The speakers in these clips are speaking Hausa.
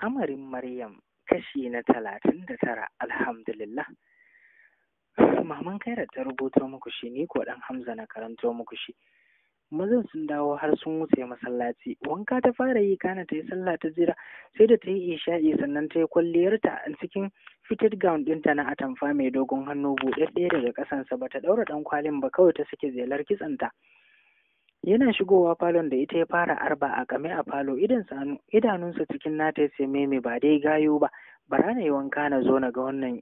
al'amarin Maryam kashi na talatin da tara alhamdulillah. Maman kaira ta rubuta muku shi ni ko ɗan Hamza na karanto muku shi. Mazan sun dawo har sun wuce masallaci, wanka ta fara yi kana ta yi sallah ta jira sai da ta yi isha'i sannan ta yi kwalliyarta a cikin fitted gown ɗinta na atamfa mai dogon hannu buɗe ɗaya daga ƙasansa ba ta ɗaura ɗan kwalin ba kawai ta sake zelar kitsanta. Yana shigowa falon da ita ya fara arba a game a falo idan idanunsa cikin nata ya ce meme ba dai gayo ba bara na yi wanka na zo na ga wannan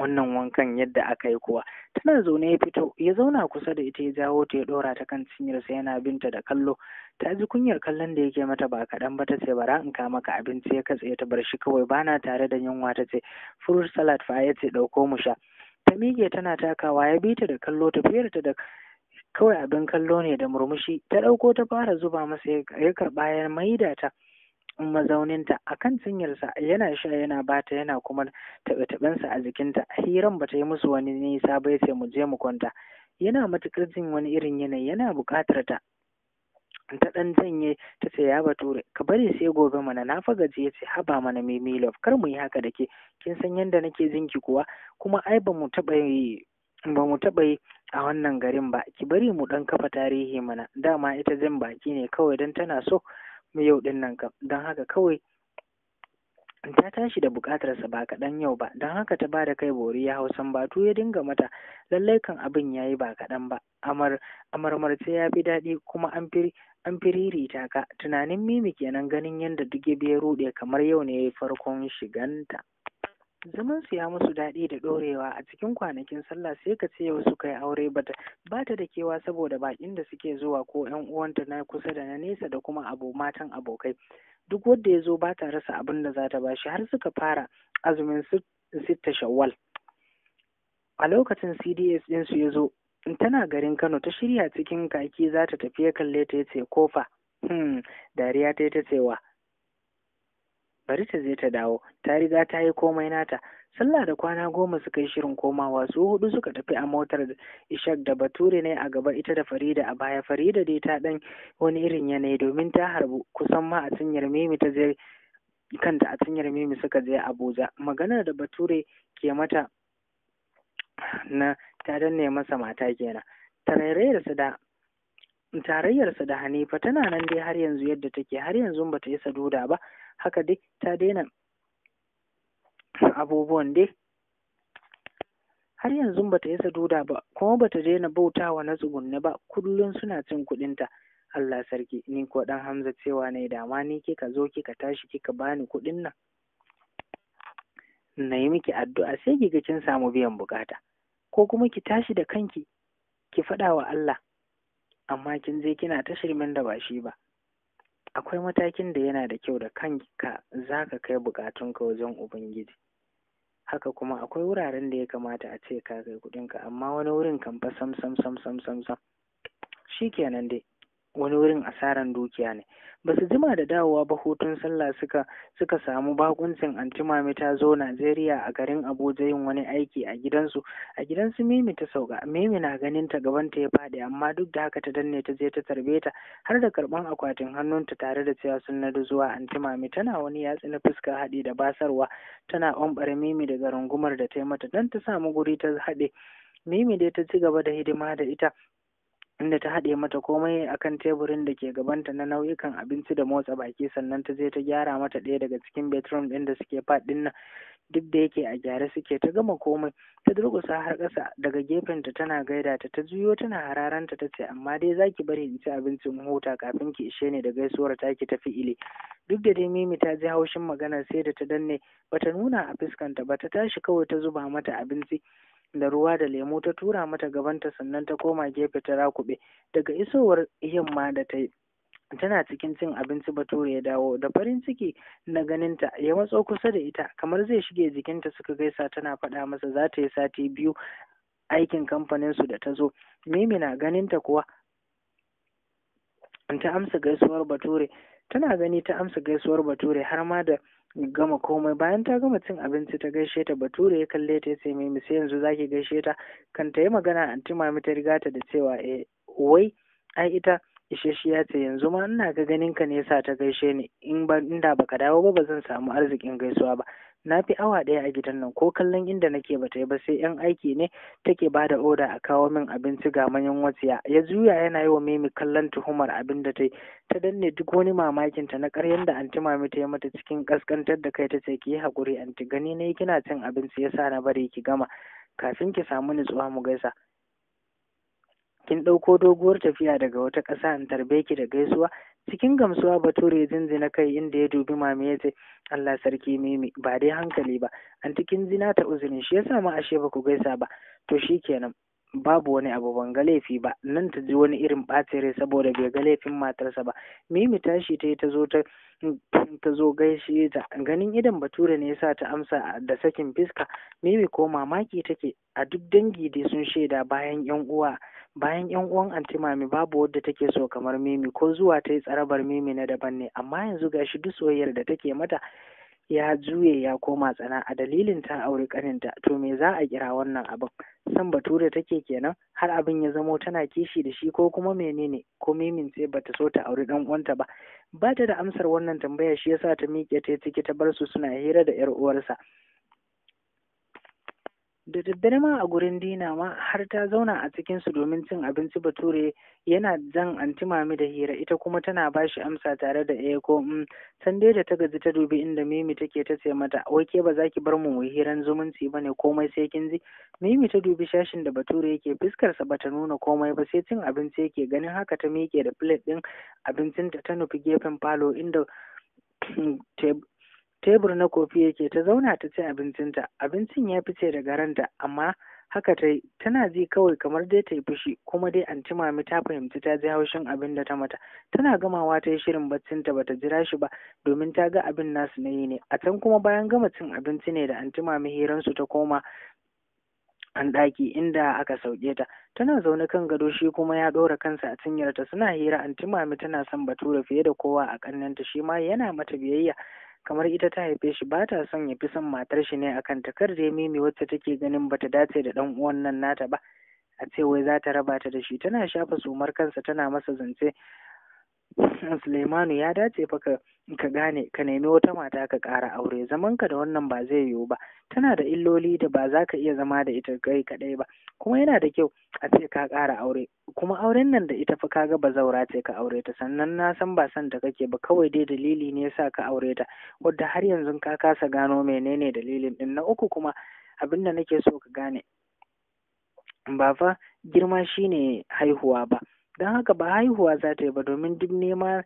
wannan wankan yadda aka yi kuwa tana zaune ya fito ya zauna kusa da ita ya jawo ta ya dora ta kan cinyarsa yana binta da kallo ta ji kunyar kallon da yake mata ba kaɗan ba ta ce bara in ka maka abinci ya katse ta bar shi kawai bana tare da yunwa ta ce fruit salad fa ya ce ɗauko mu sha ta miƙe tana takawa ya bi ta da kallo fiyar ta da kawai abin kallo ne da murmushi ta ɗauko ta fara zuba masa ya karɓa ya maida ta mazauninta a kan cinyarsa yana sha yana bata yana kuma taɓe-taɓensa a jikinta hiran ba ta yi musu wani nisa ba sai mu je mu kwanta yana matuƙar jin wani irin yanayi yana buƙatar ta ta ɗan janye ta ce ya bature ka bari sai gobe mana na fa gaji ya ce haba mana mimi love kar mu yi haka da ke kin san yadda nake jinki kuwa kuma ai ba mu ba mu taɓa yi a wannan garin ba ki bari mu ɗan kafa tarihi mana dama ita zan baki ne kawai don tana so mu yau din nan kam don haka kawai ta tashi da bukatarsa ba kaɗan yau ba dan haka ta bada kai bori ya hausan batu ya dinga mata lallai kan abin yayi ba kaɗan ba amar marce ya fi daɗi kuma an firi an ta ka tunanin mimi kenan ganin yadda duk ya ruɗe kamar yau ne farkon shiganta zaman su ya musu daɗi da ɗorewa a cikin kwanakin sallah sai ka ce yau suka yi aure bata ba ta da kewa saboda baƙin da suke zuwa ko ƴan uwanta na kusa da na nesa da kuma abo matan abokai duk wanda ya zo ba ta rasa abin da za ta ba shi har suka fara azumin sitta shawwal a lokacin cds su ya zo tana garin kano ta shirya cikin kaki za ta tafi ya kalle ta ya ce kofa hmm, dariya ta ta cewa bari ta je ta dawo ta riga ta yi komai nata sallah da kwana goma suka yi shirin komawa su hudu suka tafi a motar ishak da bature ne a gaba ita da farida a baya farida dai ta dan wani irin yanayi domin ta harbu kusan ma a cinyar mimi ta je kanta a cinyar mimi suka je abuja maganar da bature ke mata na ta danne masa mata kenan tarairayarsa da tarayyarsa da hanifa tana nan dai har yanzu yadda take har yanzu ba ta yi saduda ba haka dai ta daina abubuwan dai har yanzu ba bata yi duda ba kuma ba ta daina bautawa na tsugunne ba kullum suna cin kuɗinta Allah sarki ni ko dan Hamza cewa ne dama ni kika zo kika tashi kika bani kuɗin nan na yi miki addu'a sai kiga kin samu biyan bukata ko kuma ki tashi da kanki ki faɗawa wa Allah amma kin je kina ta shirmen da ba shi ba akwai matakin da yana da kyau da kanka za ka kai ka wajen ubangiji haka kuma akwai wuraren da ya kamata a ce ka kai kuɗinka amma wani wurin kan fa sam sam sam sam sam sam shikenan dai wani wurin asaran dukiya ne ba su jima da dawowa ba hutun sallah suka suka samu bakuncin antimami ta zo najeriya a garin abuja yin wani aiki a gidansu a gidansu mimi ta sauka mimi na ganin ta gaban ta ya fadi, amma duk da haka ta danne ta je ta tarbe ta har da karban akwatin hannunta tare da cewa sun nadu zuwa antimami tana wani yatsi na fuska haɗi da basarwa tana ɓambare mimi daga rungumar da ta yi mata don ta samu guri ta haɗe mimi dai ta ci gaba da hidima da ita inda ta haɗe mata komai akan teburin da ke gabanta na nau'ikan abinci da motsa baki sannan ta je ta gyara mata ɗaya daga cikin bedroom ɗin da suke faɗin nan duk da yake a gyare suke ta gama komai ta durƙusa har ƙasa daga gefenta tana gaida ta ta juyo tana hararanta ta ce amma dai zaki bari in ci abincin huta kafin ki ishe ni da gaisuwar taki ta ile. duk da dai mimi ta ji haushin magana sai da ta danne bata nuna a fuskanta ba ta tashi kawai ta zuba mata abinci da ruwa da lemu ta tura mata gabanta sannan ta koma gefe ta rakuɓe daga isowar yamma da ta yi tana cikin cin abinci bature ya dawo da farin ciki na ganinta ya matso kusa da ita kamar zai shige jikinta suka gaisa tana faɗa masa za ta yi sati biyu aikin kamfaninsu da ta zo mimi na ganinta kuwa ta amsa gaisuwar bature tana gani ta amsa gaisuwar bature har ma da gama komai bayan ta gama cin abinci ta gaishe ta bature ya kalle ta ya ce mai sai yanzu zaki gaishe ta kan ta yi magana anti mami ta riga ta da cewa eh wai ai ita isheshiya ce yanzu ma ina ga ganin ka ne yasa ta gaishe ni in ba inda baka dawo ba ba zan samu arzikin gaisuwa ba na fi awa ɗaya a gidan nan ko kallon inda nake ba ta yi ba sai yan aiki ne take ba da oda a kawo min abinci ga manyan watsiya. ya juya yana yi wa mimi kallon tuhumar abin da ta yi ta danne duk wani mamakin ta na karyar da anti mami ta yi mata cikin kaskantar da kai ta ce ki yi haƙuri anti gani ne kina cin abinci ya sa na bari ki gama kafin ki samu nutsuwa mu gaisa kin ɗauko doguwar tafiya daga wata ƙasa in tarbe ki da gaisuwa cikin gamsuwa bature zinzina kai inda ya dubi mami ya ce Allah sarki mimi ba dai hankali ba an cikin zina ta uzurin shi yasa ma ashe ba ku gaisa ba to shi kenan, babu wani abu ban ga laifi ba nan ta ji wani irin ɓacin rai saboda bai ga laifin matarsa ba mimi tashi ta yi ta zo ta ta zo gaishe ta ganin idan bature ne yasa ta amsa da sakin fiska mimi ko mamaki take a duk dangi dai sun shaida bayan yan uwa bayan yan uwan anti mami babu wadda take so kamar mimi ko zuwa ta yi tsarabar mimi na daban ne amma yanzu gashi duk soyayyar da take mata ya juye ya koma tsana a dalilin ta auri kaninta to me za a kira wannan abin san bature take kenan har abin ya zamo tana kishi da shi ko kuma menene ko mimin sai bata so ta auri dan uwanta ba ba ta da amsar wannan tambaya shi yasa ta miƙe ta ciki ta bar su suna hira da yar uwarsa da daddare ma a gurin dina ma har ta zauna a cikinsu domin cin abinci bature yana jan antimami da hira ita kuma tana ba shi amsa tare da ɗaya eh ko in mm. san dai da ta gaji ta dubi inda mimi take ta ce mata wai ke ba za ki bar mu mu hiran zumunci ba ne komai sai kin ji mimi ta dubi shashin da bature yake fiskarsa ba ta nuna komai ba sai cin abinci yake ganin haka ta miƙe da plate ɗin abincin ta ta nufi gefen falo inda tebur na kofi yake ta zauna ta ci abincinta abincin ya fice daga ranta amma haka ta yi tana ji kawai kamar dai ta yi fushi kuma dai anti mami ta fahimci ta ji haushin abin da ta mata tana gamawa ta yi shirin baccinta bata jira shi ba domin ta ga abin nasu na yi ne a can kuma bayan gama cin abinci ne da anti mami hiransu ta koma an ɗaki inda aka sauke ta tana zaune kan gado shi kuma ya ɗora kansa a cinyarta suna hira anti mami tana son bature fiye da kowa a ƙannenta shi ma yana mata biyayya kamar ita ta haife shi ba ta son ya fi son matar shi ne akan ta kar da mimi wacce take ganin ba ta dace da dan uwan nan nata ba a ce wai za ta raba ta da shi tana shafa sumar kansa tana masa zance Suleimanu ya dace fa ka ka gane ka nemi wata mata ka ƙara aure zamanka da wannan ba zai yiwu ba tana da illoli da ba za ka iya zama da ita kai kaɗai ba kuma yana da kyau a ce ka ƙara aure kuma auren nan da ita fa kaga ba zaura ce ka aure ta sannan na san ba san da kake ba kawai dai dalili ne yasa ka aure ta wadda har yanzu ka kasa gano menene dalilin din na uku kuma abin da nake so ka gane ba fa girma shine haihuwa ba don haka ba haihuwa za ta yi ba domin duk nema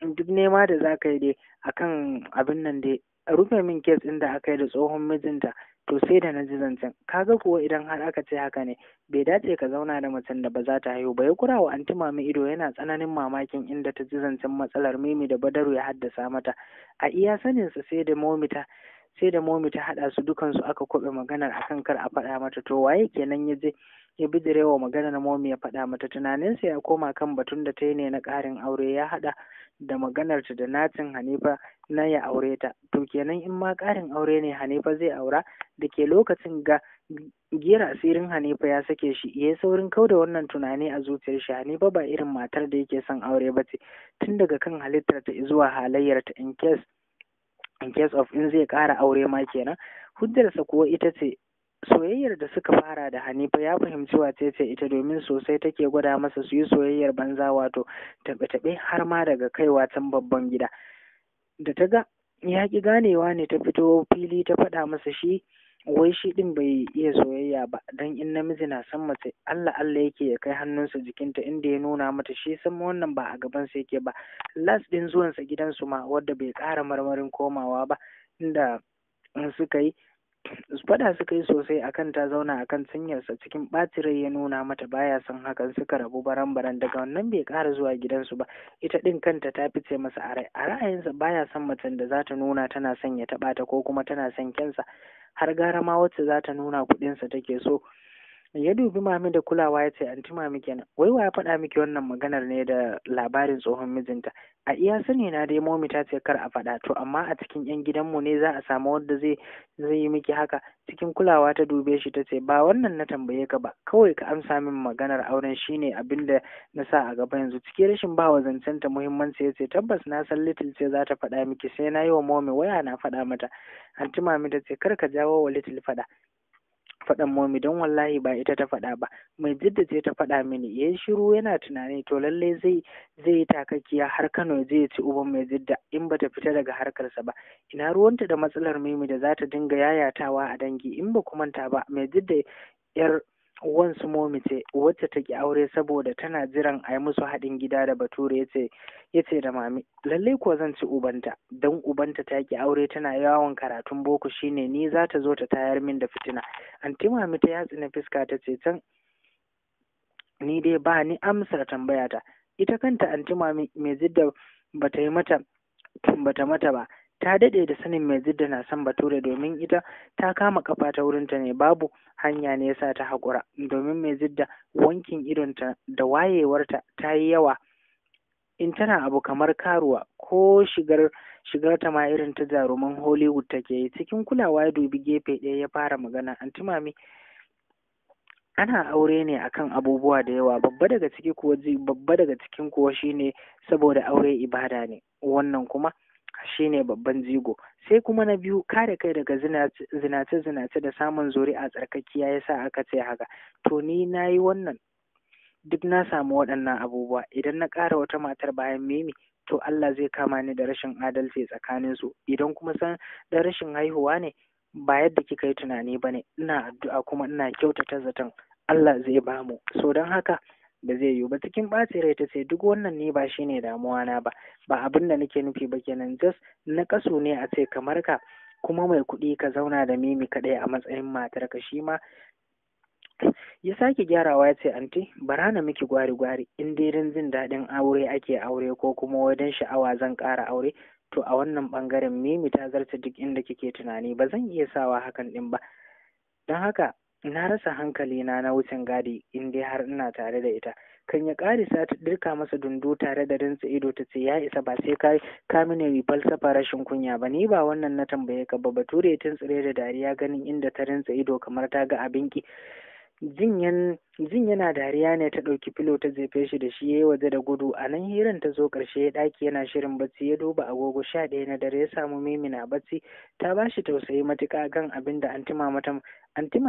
duk nema da za ka yi dai kan abin nan dai rufe min kes ɗin da aka yi da tsohon mijinta to sai da na ji zancen ga kuwa idan har aka ce haka ne bai dace ka zauna da macen da ba za ta haihu ba ya kura wa anti mami ido yana tsananin mamakin inda ta ji zancen matsalar mimi da badaru ya haddasa mata a iya saninsa sai da momita sai da momi ta haɗa su dukansu aka kwaɓe maganar akan kar a faɗa mata to waye kenan ya je ya wa maganar momi ya faɗa mata tunaninsa ya koma kan batun da ta yi ne na ƙarin aure ya haɗa da maganarta da natin hanifa na ya aure ta to kenan in ma ƙarin aure ne hanifa zai aura da ke lokacin ga gera asirin hanifa ya sake shi ya yi saurin kau da wannan tunani a zuciyar shi hanifa ba irin matar da yake son aure ba ce tun daga kan halittar ta zuwa halayyar ta in case in case of in zai ƙara aure ma kenan hujjarsa kuwa ita ce soyayyar da suka fara da Hanifa ya fahimci wace ce ita domin sosai take gwada masa su yi soyayyar banza wato taɓe-taɓe har ma daga kaiwa can babban gida. Da ta ga ya ki ganewa ne ta fito fili ta faɗa masa shi wai shi ɗin bai iya soyayya ba don in namiji na san mace Allah Allah yake ya kai hannunsa jikinta inda ya nuna mata shi san wannan ba a gaban sa yake ba las ɗin zuwansa gidansu ma wadda bai ƙara marmarin komawa ba inda suka yi faɗa suka yi sosai akan ta zauna akan cinyarsa cikin ɓacin ya nuna mata baya son hakan suka rabu baran baran daga wannan bai ƙara zuwa gidansu ba ita ɗin kanta ta fice masa a rai a ra'ayinsa baya son macen da za ta nuna tana son ya taɓa ta ko kuma tana son kyansa har gara ma wacce za ta nuna kuɗinsa take so ya dubi mami da kulawa ya ce anti mami kenan wai wa ya faɗa miki wannan maganar ne da labarin tsohon mijinta a iya sani na dai momi ta ce kar a faɗa to amma a cikin yan gidanmu ne za a samu wanda zai zai yi miki haka cikin kulawa ta dube shi ta ce ba wannan na tambaye ka ba kawai ka amsa min maganar auren shine abin da na sa a gaba yanzu cikin rashin ba wa zancen ta muhimmanci ya ce tabbas na san little ce za ta faɗa miki sai na yi wa momi waya na faɗa mata anti mami ta ce kar ka jawo wa little faɗa faɗan momi don wallahi ba ita ta faɗa ba mai jidda ce ta faɗa mini ya yi shiru yana tunani to lalle zai zai yi takakkiya har kano zai ci uban mai jidda in bata fita daga harkarsa ba ina ruwanta da matsalar mimi da za ta dinga yayatawa a dangi in ba ku manta ba mai jidda yar wansu momi ce wacce ta ki aure saboda tana jiran a yi musu haɗin gida da bature ya ce ya ce da mami lallai kuwa zan ci ubanta don ubanta ta ki aure tana yawon karatun boko shine ni za ta zo ta tayar min da fitina anti mami ta yatsi na fiska ta ce can ni dai ba ni amsar tambaya ta ita kanta anti mami mai zidda bata yi bata mata ba ta daɗe da sanin mai zidda na san bature domin ita ta kama kafa ta wurinta ne babu hanya ne yasa ta haƙura domin mai zidda wankin idonta da wayewarta ta yi yawa in tana abu kamar karuwa ko shigar shigar ta ma irin ta jaruman hollywood take yi cikin kulawa ya dubi gefe ɗaya ya fara magana tumami ana aure ne akan abubuwa da yawa babba daga ciki kuwa babba daga cikin kuwa shine saboda aure ibada ne wannan kuma shine babban jigo sai kuma na biyu kare kai daga zinace zinace da samun zuri a ya sa aka ce haka to ni na yi wannan duk na samu waɗannan abubuwa idan na ƙara wata matar bayan mimi to Allah zai kama ni da rashin adalci tsakanin su idan kuma san da rashin haihuwa ne ba yadda kika yi tunani ba ne ina addu'a kuma ina kyautata zaton Allah zai bamu so don haka ba zai yiwu ba cikin ɓaci rai ta ce duk wannan ni ba shine damuwa na ba ba abin da nake nufi ba kenan just na kaso ne a ce kamar ka kuma mai kuɗi ka zauna da mimi kaɗai a matsayin matar shi ma ya sake gyarawa ya ce anti bara na miki gwari gwari in dai jin daɗin aure ake aure ko kuma wajen sha'awa zan ƙara aure to a wannan bangaren mimi ta zarta duk inda kike tunani ba zan iya sawa hakan ɗin ba don haka na rasa hankali na na wucin gadi in dai har ina tare da ita kan ya sa ta dirka masa dundu tare da rintsa ido ta ce ya isa ba sai kai ka mini falsafa rashin kunya ba ni ba wannan na tambaye ka ba bature tun tsire da dariya ganin inda ta rintsa ido kamar ta ga abin ki jin yana dariya ne ta ɗauki filo ta jefe shi da shi ya yi waje da gudu a nan hiran ta zo ƙarshe ya ɗaki yana shirin bacci ya duba agogo sha ɗaya na dare ya samu mimina bacci ta ba shi tausayi matuƙa kan abin da tuma mata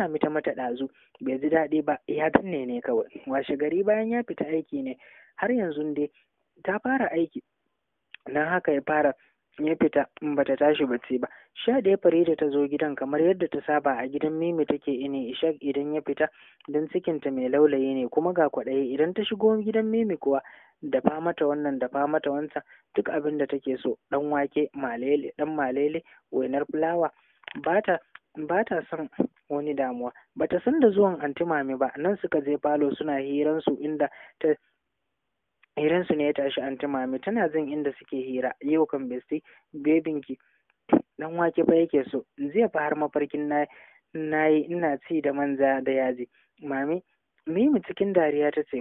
mita mata ɗazu bai ji daɗi ba ya danne ne kawai washe gari bayan ya fita aiki ne har yanzu dai ta fara aiki don haka ya fara ya fita ba ta tashi bacci ba sha ɗaya farida ta zo gidan kamar yadda ta saba a gidan mimi take ini ishak idan ya fita don cikinta mai laulayi ne kuma ga kwaɗaye idan ta shigo gidan mimi kuwa dafa mata wannan dafa mata wancan duk abin da take so ɗan wake malele ɗan malele wainar fulawa bata bata son wani damuwa bata san da zuwan anti ba nan suka je falo suna hiransu inda ta su ne ya tashi anti mami tana jin inda suke hira yau kan besti bebinki dan wake fa yake so zai fa har mafarkin na nayi ina ci da manza da yaji mami Mimu cikin dariya ta ce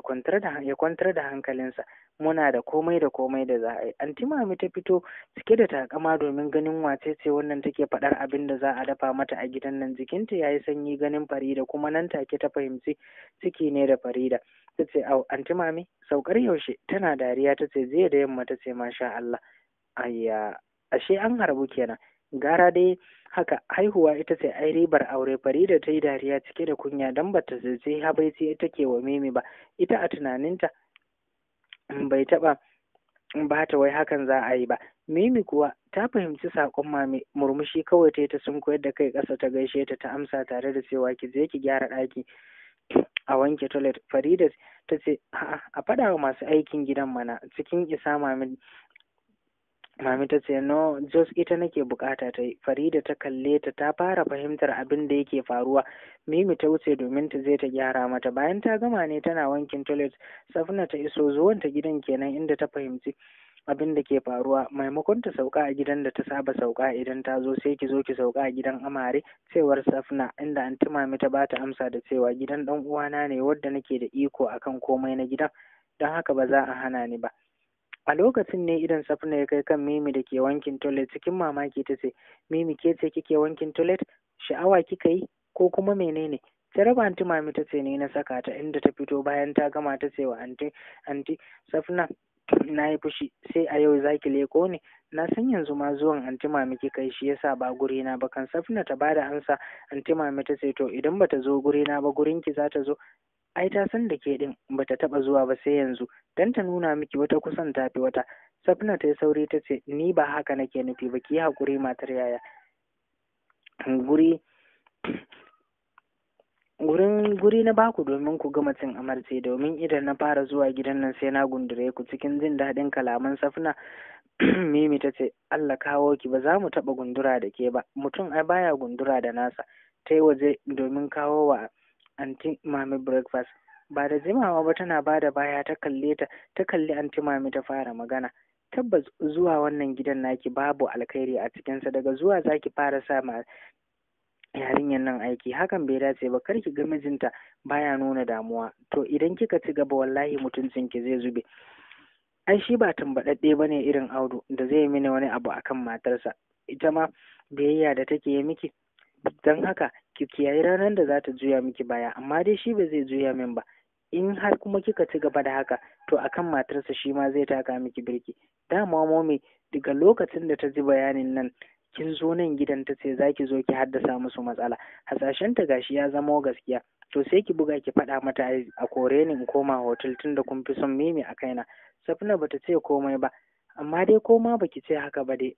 ya kwantar da hankalinsa muna da komai da komai da za a yi. Anti Mami ta fito cike da takama domin ganin wace ce wannan take faɗar abin da za a dafa mata a gidan nan jikinta ya yi sanyi ganin Farida kuma nan take ta fahimci ciki ne da Farida. Ta ce au Anti Mami saukar yaushe tana dariya ta ce jiya da yamma ta ce masha Allah. ashe an harbu kenan. Gara dai haka haihuwa ita ce ai ribar aure farida ta yi dariya cike da kunya don ba ta sai ita ke wa mimi ba ita a tunaninta bai taɓa ba ta wai hakan za a yi ba mimi kuwa ta fahimci saƙon mami murmushi kawai ta yi ta sun koyar da kai ƙasa ta gaishe ta ta amsa tare da cewa ki je ki gyara ɗaki a wanke toilet farida ta ce a faɗa masu aikin gidan mana cikin isa mami Mami ta ce, No, Jos ita nake bukata ta yi. Farida ta kalle ta ta fara fahimtar abin da yake faruwa. Mimi ta wuce domin ta je ta gyara mata. Bayan ta gama ne tana wankin toilet, Safina ta iso zuwan ta gidan kenan inda ta fahimci abin da ke faruwa. Maimakon ta sauka a gidan da ta saba sauka idan ta zo sai ki zo ki sauka a gidan amare cewar Safina inda anti Mami ta bata amsa da cewa gidan dan uwana ne wadda nake da iko akan komai na gidan. Don haka ba za a hana ni ba. A lokacin ne idan Safna ya kai kan Mimi da ke wankin toilet cikin mamaki ta ce, Mimi ke ce kike wankin toilet? Sha'awa kika yi? Ko kuma menene? Ta raba anti mami ta ce ne na saka ta inda ta fito bayan ta gama ta ce wa anti, anti Safna na yi fushi sai a yau zaki leko ne na san yanzu ma zuwan anti mami kika yi shi yasa ba guri na ba kan Safna ta bada ansa anti mami ta ce to idan bata zo guri na ba gurin ki za ta zo ai ta san da ke din bata taba zuwa ba sai yanzu dan ta nuna miki wata kusan tafi wata safna ta sauri ta ce ni ba haka nake nufi ba ki hakuri matar yaya guri gurin guri na baku domin ku gama cin amarce domin idan na fara zuwa gidan nan sai na gundure ku cikin jin daɗin kalaman safna mimi ta ce allah kawo ki ba za mu taɓa gundura da ke ba mutum ai baya gundura da nasa ta yi waje domin kawo wa anti mami breakfast ba da jimawa ba tana ba da baya ta kalle ta ta kalli anti mami ta fara magana tabbas zuwa wannan gidan naki babu alkhairi a cikinsa daga zuwa zaki fara sa ma yarinyar nan aiki hakan bai dace ba kar ki ga mijinta baya nuna damuwa to idan kika ci gaba wallahi mutuncin ki zai zube ai shi ba tambadadde bane irin audu da zai mini wani abu akan matarsa ita ma biyayya da take yi miki dan haka ki kiyayi ranar da za ta juya miki baya amma dai shi ba zai juya min ba in har kuma kika ci gaba da haka to akan matarsa shi ma zai taka miki birki dama momi daga lokacin da ta ji bayanin nan kin zo nan gidan ta ce za ki zo ki haddasa musu matsala hasashen ta gashi ya zama gaskiya to sai ki buga ki faɗa mata a kore ni in koma hotel tun da kun fi son mimi a kaina safna bata ce komai ba amma dai koma baki ce haka ba dai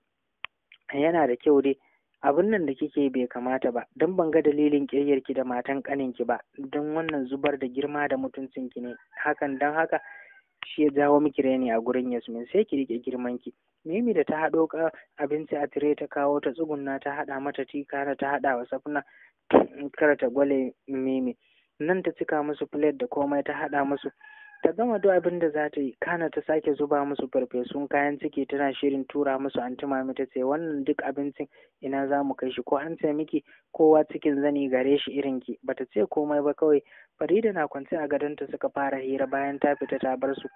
yana da kyau dai abin nan da kike bai kamata ba don ban ga dalilin ƙiryarki da matan ƙaninki ba don wannan zubar da girma da mutuncinki ne hakan don haka shi ya jawo miki raini a gurin yasmin sai ki rike girmanki mimi da ta haɗo abinci a tire ta kawo ta tsugunna ta haɗa mata tikara ta haɗa wa safuna kar ta gwale mimi nan ta cika musu filet da komai ta haɗa musu ta gama duk abin da za ta yi kana ta sake zuba musu farfesun kayan ciki tana shirin tura musu antimami ta ce wannan duk abincin ina za mu kai shi ko an ce miki kowa cikin zani gare shi irin ki bata ce komai ba kawai farida na kwance a gadonta suka fara hira bayan ta fita ta bar su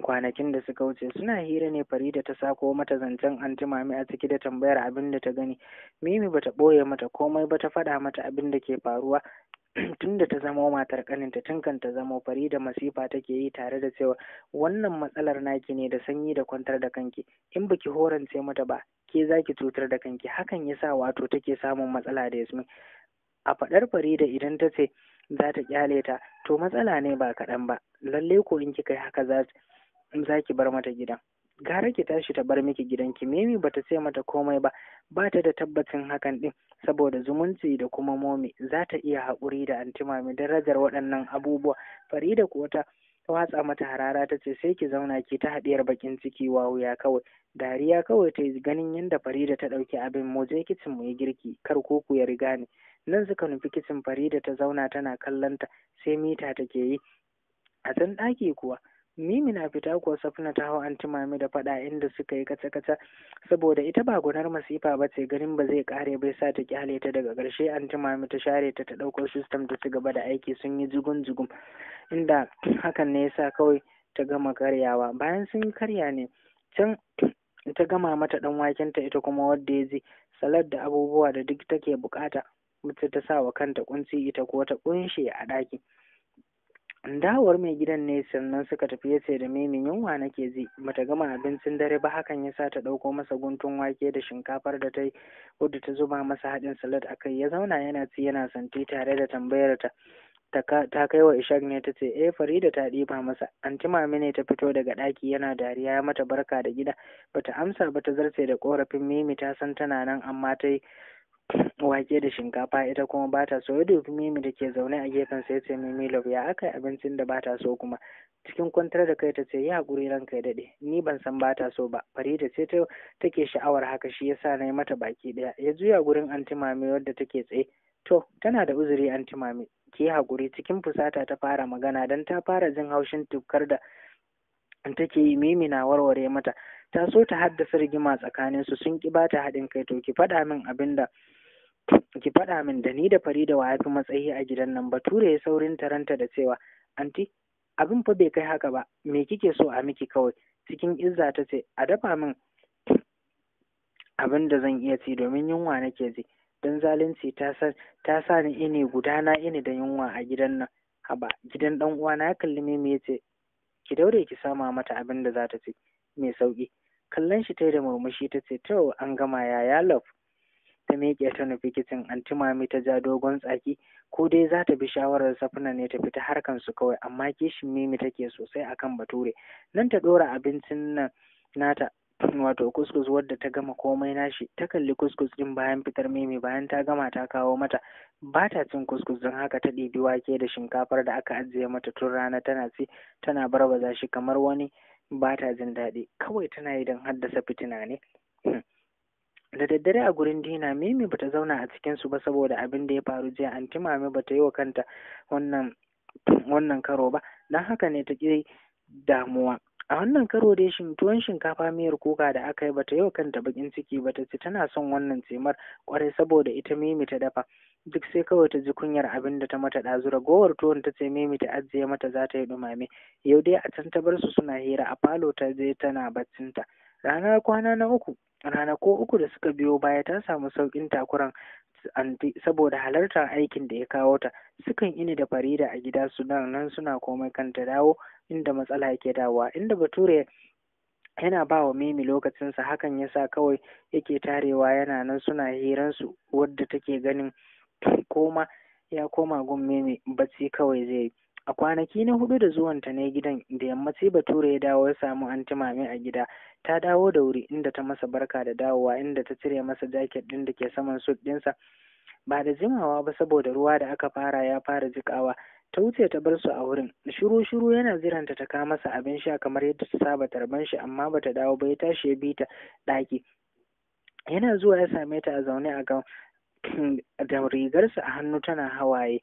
kwanakin da suka wuce suna hira ne farida ta sako mata zancen anti mami a ciki da tambayar abin da ta gani mimi ba ta ɓoye mata komai ba ta faɗa mata abin da ke faruwa tunda ta zama matar kaninta tun kan ta zama fari da masifa take yi tare da cewa wannan matsalar naki ne da sanyi da kwantar da kanki in baki horance mata ba ke zaki cutar da kanki hakan yasa wato take samun matsala da yasmin a faɗar farida idan ta ce za ta kyale ta to matsala ne ba kaɗan ba lalle ko in kika yi haka za za ki bar mata gidan gara ki tashi ta bar miki gidan ki mimi bata ce mata komai ba ba ta da tabbacin hakan ɗin. saboda zumunci da kuma momi za ta iya haƙuri da antimami darajar waɗannan abubuwa farida kuwa ta watsa mata harara ta ce sai ki zauna ki ta haɗiyar bakin ciki wa wuya kawai dariya kawai ta yi ganin yadda farida ta ɗauki abin mu kicin mu yi girki kar ko ku ya riga ni nan suka nufi kicin farida ta zauna tana kallonta sai mita take yi a can ɗaki kuwa Mimi na fita ko Safna ta hau an mami da faɗa inda suka yi kaca-kaca saboda ita ba gunar masifa ba ce garin ba zai kare bai sa ta kyale ta daga karshe an mami ta share ta ta dauko system ta ci gaba da aiki sun yi jigun-jigun inda hakan ne yasa kawai ta gama karyawa bayan sun karya ne can ta gama mata dan waken ta ita kuma wadda ya ji salad da abubuwa da duk take bukata wacce ta sa wa kanta kunci ita ko ta kunshe a ɗaki dawar mai gidan ne sannan suka tafi ya ce da mimi yunwa nake ji bata gama abincin dare ba hakan ya sa ta ɗauko masa guntun wake da shinkafar da ta yi wadda ta zuba masa haɗin salad a kai ya zauna yana ci yana santi tare da tambayar ta ta kai wa ishak ne ta ce eh farida ta ɗiba masa anti mami ne ta fito daga ɗaki yana dariya ya mata barka da gida bata amsa ba ta zarce da korafin mimi ta san tana nan amma ta yi wake da shinkafa ita kuma ba ta so yadda mimi da ke zaune a gefen sai ce mimi love ya aka yi abincin da ba ta so kuma cikin kwantar da kai ta ce ya guri ranka ya daɗe ni ban san ba ta so ba farida ce ta take sha'awar haka shi yasa na yi mata baki ɗaya ya juya gurin anti mami wadda take tsaye to tana da uzuri anti mami ki yi haƙuri cikin fusata ta fara magana don ta fara jin haushin tukar da take yi mimi na warware mata ta so ta haddasa rigima tsakaninsu sun ki ba ta haɗin kai to ki faɗa min abin da ki faɗa min da ni da Farida wa fi matsayi a gidan nan Bature ya saurin taranta da cewa anti abin fa bai kai haka ba me kike so a miki kawai cikin izza ta ce a dafa min abin da zan iya ci domin yunwa nake ji dan zalunci ta sa ta sa ni ini gudana ini da yunwa a gidan nan haba gidan dan uwana ya kalli me me ce ki daure ki sama mata abin da za ta ci mai sauki kallon shi ta da murmushi ta ce to an gama ya ya love ta miƙe ta nufi kicin anti mami ta ja dogon tsaki ko dai za ta bi shawarar safina ne ta fita harkan su kawai amma kishin mimi take sosai a kan bature nan ta ɗora abincin nan nata wato kuskus wadda ta gama komai nashi ta kalli kuskus ɗin bayan fitar mimi bayan ta gama ta kawo mata ba ta cin kuskus don haka ta ɗibi wake da shinkafar da aka ajiye mata tun rana tana ci tana barbaza shi kamar wani ba ta jin daɗi kawai tana yi don haddasa fitina ne hmm. da daddare a gurin dina mimi bata zauna a cikin su ba saboda abin da ya faru jiya anti mami bata yi wa kanta wannan wannan karo ba don haka ne ta ƙi damuwa a wannan karo dai shin tuwon shinkafa miyar kuka da aka yi bata yi wa kanta bakin ciki bata ci tana son wannan cemar kwarai saboda ita mimi ta dafa duk sai kawai ta ji kunyar abin da ta mata ɗazu ragowar tuwon ta ce mimi ta ajiye mata za ta yi dumame. yau dai a can ta bar su suna hira a falo ta je tana baccinta ranar kwana na uku ranako uku da suka biyo baya ta samu saukin takuran saboda halartar aikin da ya kawo ta sukan ini da farida a gida su nan suna komai kanta dawo inda matsala yake dawowa inda bature yana ba wa mimi lokacinsa hakan ya sa kawai yake tarewa yana nan suna hiransu wadda take ganin koma ya koma gun mimi bacci kawai zai a kwanaki na hudu da zuwanta ne gidan da yammaci sai bature ya dawo ya samu anti mame a gida ta dawo da wuri inda ta masa barka da dawowa inda ta cire masa jaket din da ke saman sut dinsa ba da jimawa ba saboda ruwa da aka fara ya fara jikawa ta wuce ta bar su a wurin shiru shiru yana ziranta ta kawo masa abin sha kamar yadda ta saba tarban shi amma bata dawo ba ya tashi ya bi ta ɗaki yana zuwa ya same ta a zaune a ga da rigarsa a hannu tana hawaye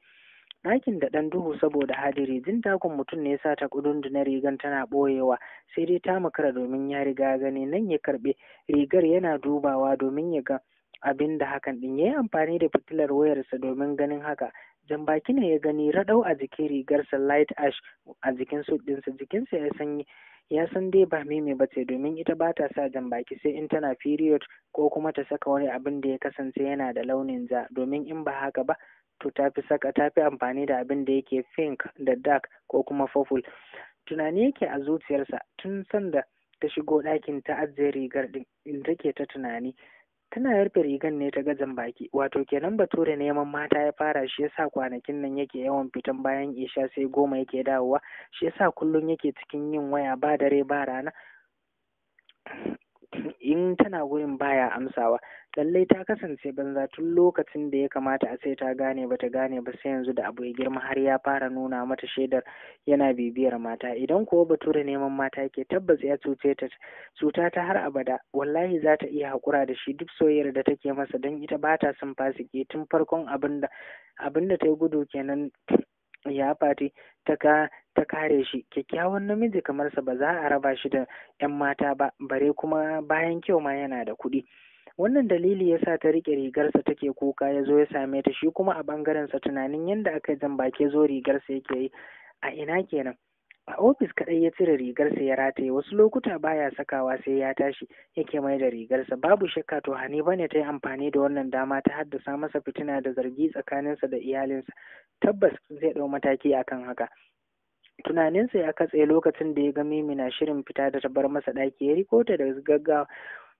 ɗakin da ɗan duhu saboda hadiri jin takun mutum ne ya sa ta na rigan tana ɓoyewa sai dai ta makara domin ya riga gani nan ya karɓe rigar yana dubawa domin ya ga abin da hakan ɗin ya yi amfani da fitilar wayarsa domin ganin haka jan baki ne ya gani raɗau a jikin rigarsa light ash a jikin suit ɗinsa jikinsa ya sanyi ya san dai ba meme ba ce domin ita ba ta sa jan baki sai in tana period ko kuma ta saka wani abin da ya kasance yana da launin ja domin in ba haka ba to tafi saka tafi amfani da abin da yake pink da dark ko kuma purple tunani yake a zuciyarsa tun sanda ta shigo ɗakin ta ajiye rigar ɗin in take ta tunani tana yarfe rigar ne ta gajan baki wato kenan bature neman mata ya fara shi yasa kwanakin nan yake yawan fitan bayan isha sai goma yake dawowa shi yasa kullum yake cikin yin waya ba dare ba rana in tana gurin baya amsawa lallai ta kasance banza tun lokacin da ya kamata a sai ta gane ba ta gane ba sai yanzu da abu ya girma har ya fara nuna mata shaidar yana bibiyar mata idan kuwa bature neman mata ke tabbas ya cuce ta cuta ta har abada wallahi za ta iya haƙura da shi duk soyayyar da take masa don ita ba ta son fasike tun farkon abin da ta yi gudu kenan ya fati ta ka ta kare shi kyakkyawan namiji kamar sa ba za a raba shi da yan mata ba bare kuma bayan kyau ma yana da kuɗi wannan dalili ya sa ta riƙe rigarsa take kuka ya zo ya same ta shi kuma a ɓangarensa tunanin yadda aka zambake zo rigarsa yake yi a ina kenan a ofis kaɗai ya cire rigarsa ya rataye wasu lokuta baya sakawa sai ya tashi yake mai da rigarsa babu shakka to hani bane ta yi amfani da wannan dama ta haddasa masa fitina da zargi tsakaninsa da iyalinsa tabbas zai ɗau mataki akan haka tunaninsa ya katse lokacin da ya ga mimi na shirin fita da ta bar masa ɗaki ya riko ta da gaggawa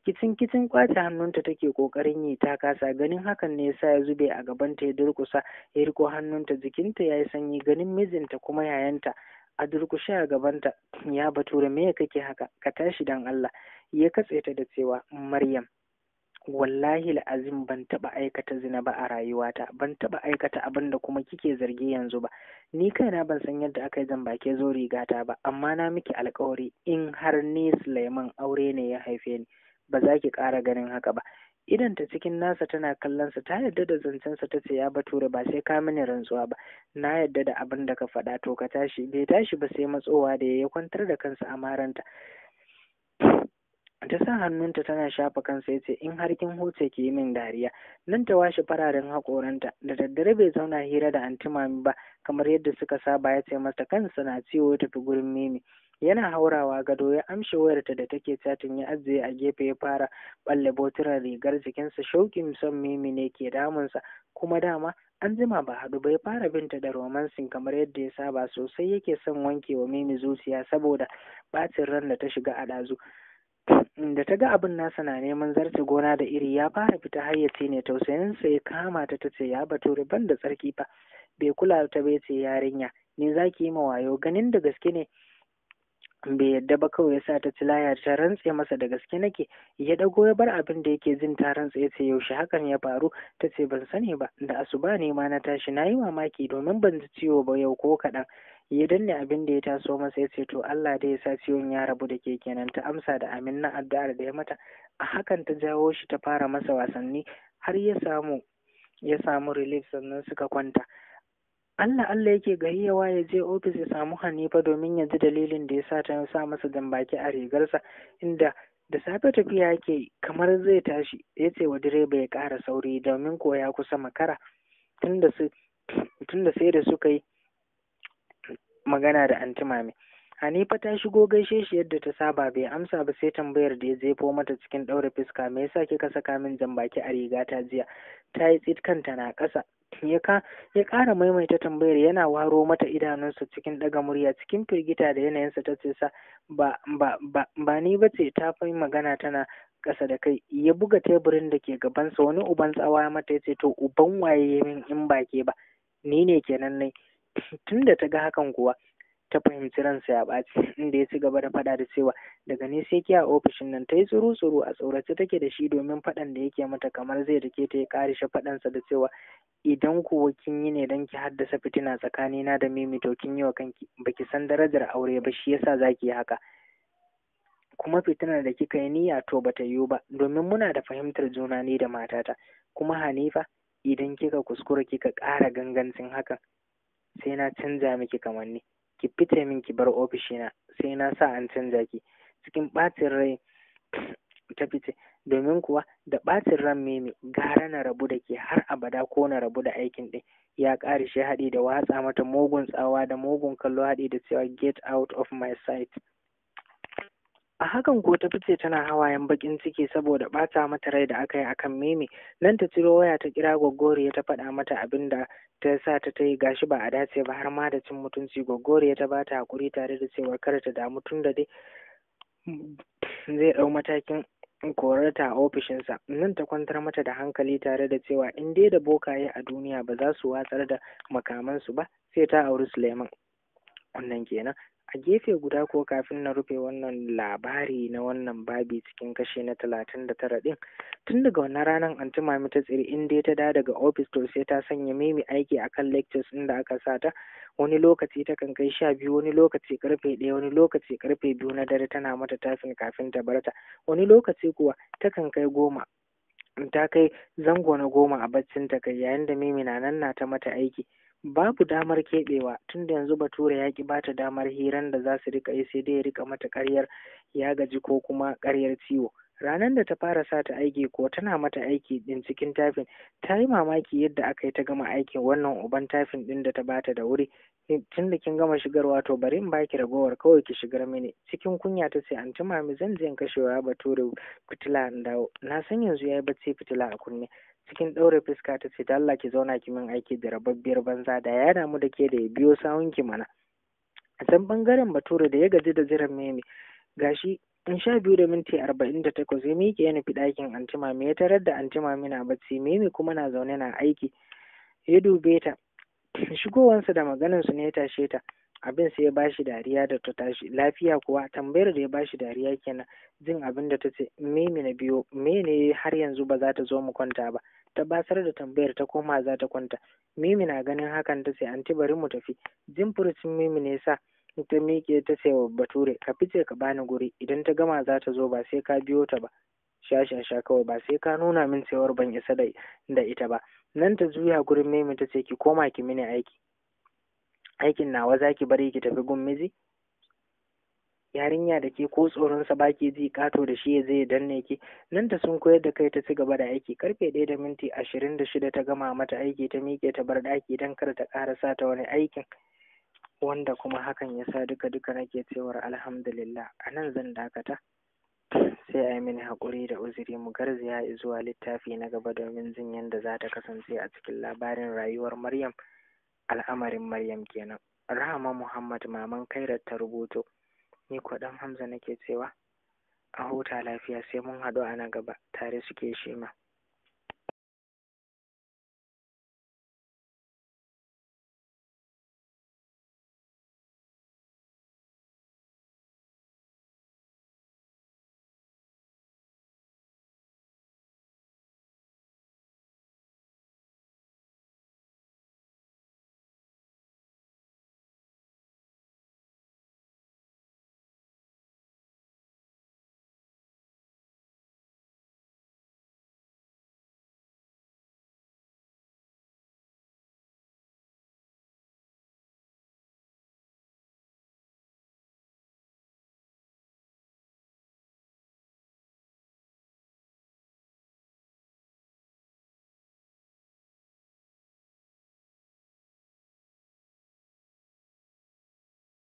kicin kicin kwace hannunta take kokarin yi ta kasa ganin hakan ne yasa ya zube a gabanta ya durkusa ya riko hannunta jikinta ya yi sanyi ganin mijinta kuma yayanta a durkushe a gabanta ya bature me kake haka ka tashi dan Allah ya katse ta da cewa Maryam wallahi la'azim ban taba aikata zina ba a rayuwata ban taba aikata abin da kuma kike zargi yanzu ba ni kaina ban san yadda aka yi zambake zo rigata ba amma na miki alkawari in har ni Sulaiman aure ne ya haife ni ba za ki ƙara ganin haka ba idan ta cikin nasa tana kallon sa ta yadda da zancen sa ta ce ya bature ba sai ka mini rantsuwa ba na yadda da abin da ka faɗa to ka tashi bai tashi ba sai matsowa da ya kwantar da kansa a maranta ta san hannunta tana shafa kansa ya ce in har kin huce ki yi min dariya nan ta washe fararen haƙoranta da daddare bai zauna hira da antimami ba kamar yadda suka saba ya ce mata kansa na ciwo ta fi gurin mimi yana haurawa gado ya amshi wayarta da take catin ya ajiye a gefe ya fara balle botunan rigar jikinsa shauƙin son mimi ne ke damunsa kuma dama an jima ba haɗu bai fara binta da romansin kamar yadda ya saba sosai yake son wanke wa mimi zuciya saboda bacin ran da ta shiga a ɗazu da ta ga abin nasa na neman zarce gona da iri ya fara fita hayyace ne tausayinsa ya kama ta ta ce ya bature ban da tsarki fa bai kula ta bai ce yarinya ne zaki ki yi mawayo ganin da gaske ne bai yadda ba kawai ya sa ta ci laya ta rantse masa da gaske nake ya dago ya bar abin da yake jin ta rantse ya yaushe hakan ya faru ta ce ban sani ba da asuba ne ma na tashi na yi mamaki domin ban ji ciwo ba yau ko kaɗan ya danne abin da ya taso masa ya ce to Allah dai ya sa ciwon ya rabu da ke kenan ta amsa da amin na addu'ar da ya mata a hakan ta jawo shi ta fara masa wasanni har ya samu ya samu relief sannan suka kwanta Allah Allah yake gari ya je ofis ya samu Hanifa domin ya ji dalilin da ya sa ta sa masa jambaki a rigarsa inda da safe tafiya yake kamar zai tashi ya ce wa direba ya kara sauri domin koya kusa makara tunda sai da suka yi magana da antimami Hanifa ta shigo gaishe shi yadda ta saba bai amsa ba sai tambayar da ya jefo mata cikin ɗaure fuska me yasa kika saka min baki a riga ta jiya ta yi tsit kanta na ƙasa ya ƙara maimaita tambayar yana waro mata idanunsa cikin ɗaga murya cikin firgita da yanayinsa ta ce sa ba ba ni ba ce ta fi magana tana ƙasa da kai ya buga teburin da ke gabansa wani uban tsawa mata ya ce to uban waye min in ba ke ba ni ne kenan nai tunda ta ga hakan kuwa ta fahimci ransa ya ɓaci inda ya ci gaba da faɗa da cewa daga ne sai ki a ofishin nan ta yi tsuru tsuru a tsorace take da shi domin faɗan da yake mata kamar zai rike ta ya faɗan faɗansa da cewa idan kuwa kin yi ne don ki haddasa fitina tsakanina da mimi to kin yi wa kanki baki san darajar aure ba shi yasa zaki yi haka kuma fitinar da kika yi niyya to bata yiwu ba domin muna da fahimtar juna ni da matata kuma hanifa idan kika kuskura kika ƙara gangancin hakan sai na canza miki kamanni ki fita min ki bar ofishina sai na sa an canza ki cikin ɓacin rai ta fice domin kuwa da ɓacin ran meme gara na rabu da ke har abada ko na rabu da aikin ɗin ya ƙare shi haɗi da watsa mata mugun tsawa da mugun kallo haɗi da cewa get out of my sight A hakan ko ta fice tana hawayen bakin ciki saboda ɓata mata rai da aka yi akan meme Nan ta ciro waya ta kira ya ta faɗa mata abin da ta sa ta ta yi gashi ba a dace ba har ma da cin mutunci ya ta ba ta haƙuri tare da cewa kar ta damu tun da dai zai ɗau matakin korarta a ofishinsa. Nan ta kwantar mata da hankali tare da cewa in dai da yi a duniya ba za su watsar da makamansu ba sai ta auri Suleiman. Wannan kenan A gefe guda ko kafin na rufe wannan labari na wannan babi cikin kashe na talatin da tara ɗin, tun daga wannan ranar anti tuma ta tsiri in dai ta da daga ofis to sai ta sanya mimi aiki akan lectures inda aka sa ta wani lokaci ta kan kai sha biyu wani lokaci karfe ɗaya wani lokaci karfe biyu na dare tana mata tafin kafin ta bar ta wani lokaci kuwa ta kan kai goma ta kai zango na goma a baccin ta kai yayin da mimi na nan na ta mata aiki babu damar keɓewa tunda yanzu bature ya ki bata damar hiran da za su rika yi sai dai ya rika mata karyar ya gaji ko kuma karyar ciwo ranar da ta fara sa ta aiki ko tana mata aiki din cikin tafin ta yi mamaki yadda aka yi ta gama aikin wannan uban tafin din da ta bata da wuri tun da kin gama shigarwa to bari in baki ragowar kawai ki shigar mini cikin kunya ta ce an tuma mi zan je in kashewa bature fitila in dawo na san yanzu ya yi bacci fitila a kunne cikin ɗaure fuska ta ce ta Allah ki zauna ki min aiki da rababbiyar banza da ya damu da ke da ya biyo sawun ki mana a can bangaren bature da ya gaji da jiran meme gashi in sha biyu da minti arba'in da takwas ya miƙe ya nufi ɗakin antima me ya tarar da antima mina bacci meme kuma na zaune na aiki ya dube ta shigowansa da maganarsu ne ya tashe ta abin sai ya bashi dariya da ta tashi lafiya kuwa tambayar da ya ba shi dariya kenan jin abin da ta ce mimi na biyo mene har yanzu ba za ta zo mu kwanta ba ta basar da tambayar ta koma za ta kwanta mimi na ganin hakan ta ce anti bari mu tafi jin furucin mimi ne sa ta miƙe ta ce wa bature ka fice ka bani guri idan ta gama za ta zo ba sai ka biyo ta ba shashin sha kawai ba sai ka nuna min cewar ban isa da ita ba nan ta juya gurin mimi ta ce ki koma ki mini aiki aikin nawa zaki bari ki tafi gun miji yarinya da ke ko tsoronsa ba baki ji kato da shi ya zai danne ki nan da sun koyar da kai ta ci gaba da aiki karfe ɗaya da minti ashirin da shida ta gama mata aiki ta miƙe ta bar ɗaki don kar ta ƙara sa ta wani aikin wanda kuma hakan ya sa duka duka nake cewar alhamdulillah a nan zan dakata sai a yi mini haƙuri da uzuri mu garzaya zuwa littafi na gaba domin jin yadda za ta kasance a cikin labarin rayuwar maryam al'amarin Maryam kenan. Rahama Muhammad maman kairar ta rubuto. Ni ko dan Hamza nake cewa a huta lafiya sai mun haɗu a na gaba tare suke shima.